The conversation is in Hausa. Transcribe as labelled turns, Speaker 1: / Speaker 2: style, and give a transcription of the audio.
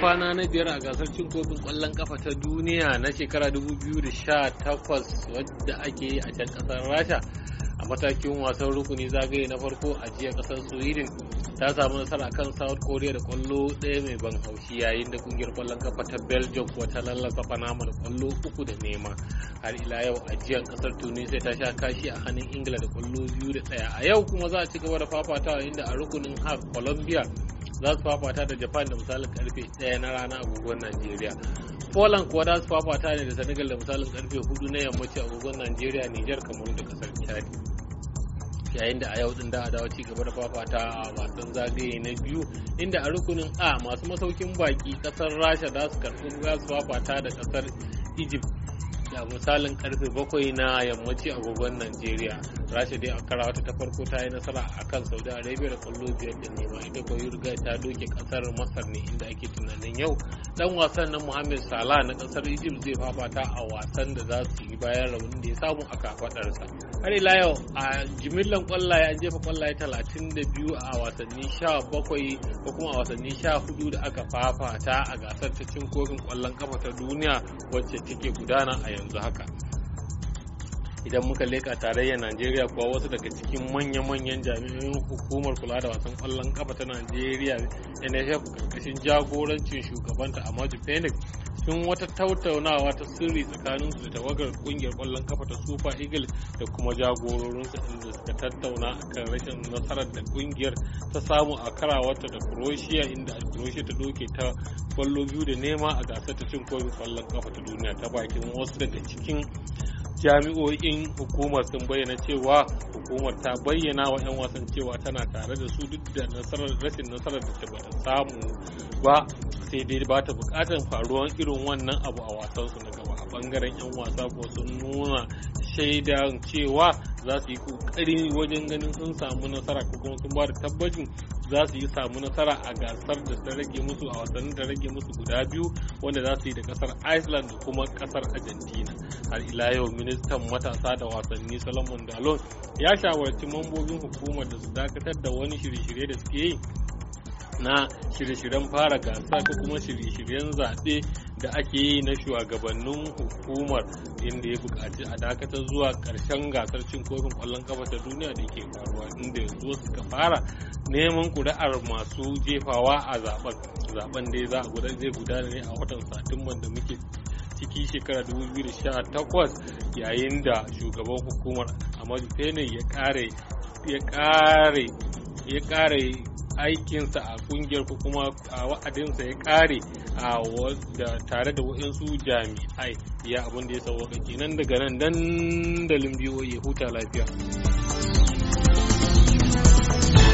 Speaker 1: kwana na biyar a gasar cin kofin kwallon kafa ta duniya na shekara 2018 wadda ake yi a can kasar rasha a matakin wasan rukuni zagaye na farko a jiya kasar sweden ta samu nasara kan south korea da kwallo daya mai ban haushi yayin da kungiyar kwallon kafa ta belgium wata ta lallasa panama kwallo uku da nema har ila yau a ajiyar kasar tunisia ta sha kashi a hannun ingila da kwallo biyu da ɗaya a yau kuma za a ci gaba da fafatawa inda a rukunin har colombia za su fafata da japan da misalin karfe 1 na rana agogon nigeria poland kuwa za su fafata ne da senegal da misalin karfe hudu na yammaci agogon nigeria niger kamar da kasar chad yayin da a yau din da a dawo gaba da fafata a wasan zagaye na biyu inda a rukunin a masu masaukin baki kasar rasha za su karɓi za su fafata da kasar egypt da misalin karfe bakwai na yammaci agogon Najeriya. Rasha dai a kara ta farko ta yi nasara a kan Saudi Arabia da kwallo biyar da nema ita ko Yurga ta doke kasar Masar ne inda ake tunanin yau. Dan wasan na Mohamed Salah na kasar Egypt zai fafata a wasan da za su yi bayan raunin da ya samu a kafadarsa. Har ila yau a jimillan kwallaye an jefa kwallaye talatin da biyu a wasanni sha bakwai ko kuma a wasanni sha hudu da aka fafata a gasar ta cin kofin kwallon kafa ta duniya wacce take gudana a yanzu. yanzu haka idan muka leka tarayyar najeriya kuwa wasu daga cikin manya-manyan jami'in hukumar kula da wasan kwallon kafa ta najeriya nff karkashin jagorancin shugabanta amaju phoenix tun wata tattaunawa ta sirri tsakanin su da tawagar kungiyar kwallon kafa ta Super Eagles da kuma su inda suka tattauna akan rashin nasarar da kungiyar ta samu a karawarta da Croatia inda Croatia ta doke ta kwallo biyu da nema a gasar ta cin kofin kwallon kafa ta duniya ta bakin wasu daga cikin jami'o'in hukumar sun bayyana cewa hukumar ta bayyana wa 'yan wasan cewa tana tare da su duk da rashin nasarar da ta samu ba sai dai ba ta bukatar faruwan irin wannan abu a wasansu na gaba a bangaren 'yan wasa ko sun nuna shaida cewa za su yi kokari wajen ganin sun samu nasara ko kuma sun ba da tabbacin za su yi samu nasara a gasar da ta rage musu a wasannin da rage musu guda biyu wanda za su yi da kasar iceland da kuma kasar argentina har ila yau ministan matasa da wasanni solomon dalon ya shawarci mambobin hukumar da su dakatar da wani shirye-shirye da suke yi na shirye-shiryen fara gasa ko kuma shirye-shiryen zaɓe da ake yi na shugabannin hukumar inda ya buƙaci a dakatar zuwa ƙarshen gasar cin kofin ƙwallon ƙafa ta duniya da ke faruwa inda yanzu suka fara neman ƙuri'ar masu jefawa a zaɓen. Zaɓen dai za a gudanar zai gudana ne a watan satumba da muke ciki shekara 2018 yayin da shugaban hukumar amadu pene ya ya ƙare ya aikinsa a kungiyar ko kuma a wa'adinsa ya kare a tare da waɗansu jami'ai ya abin da ya sauwaka kenan daga nan dandalin ya huta lafiya.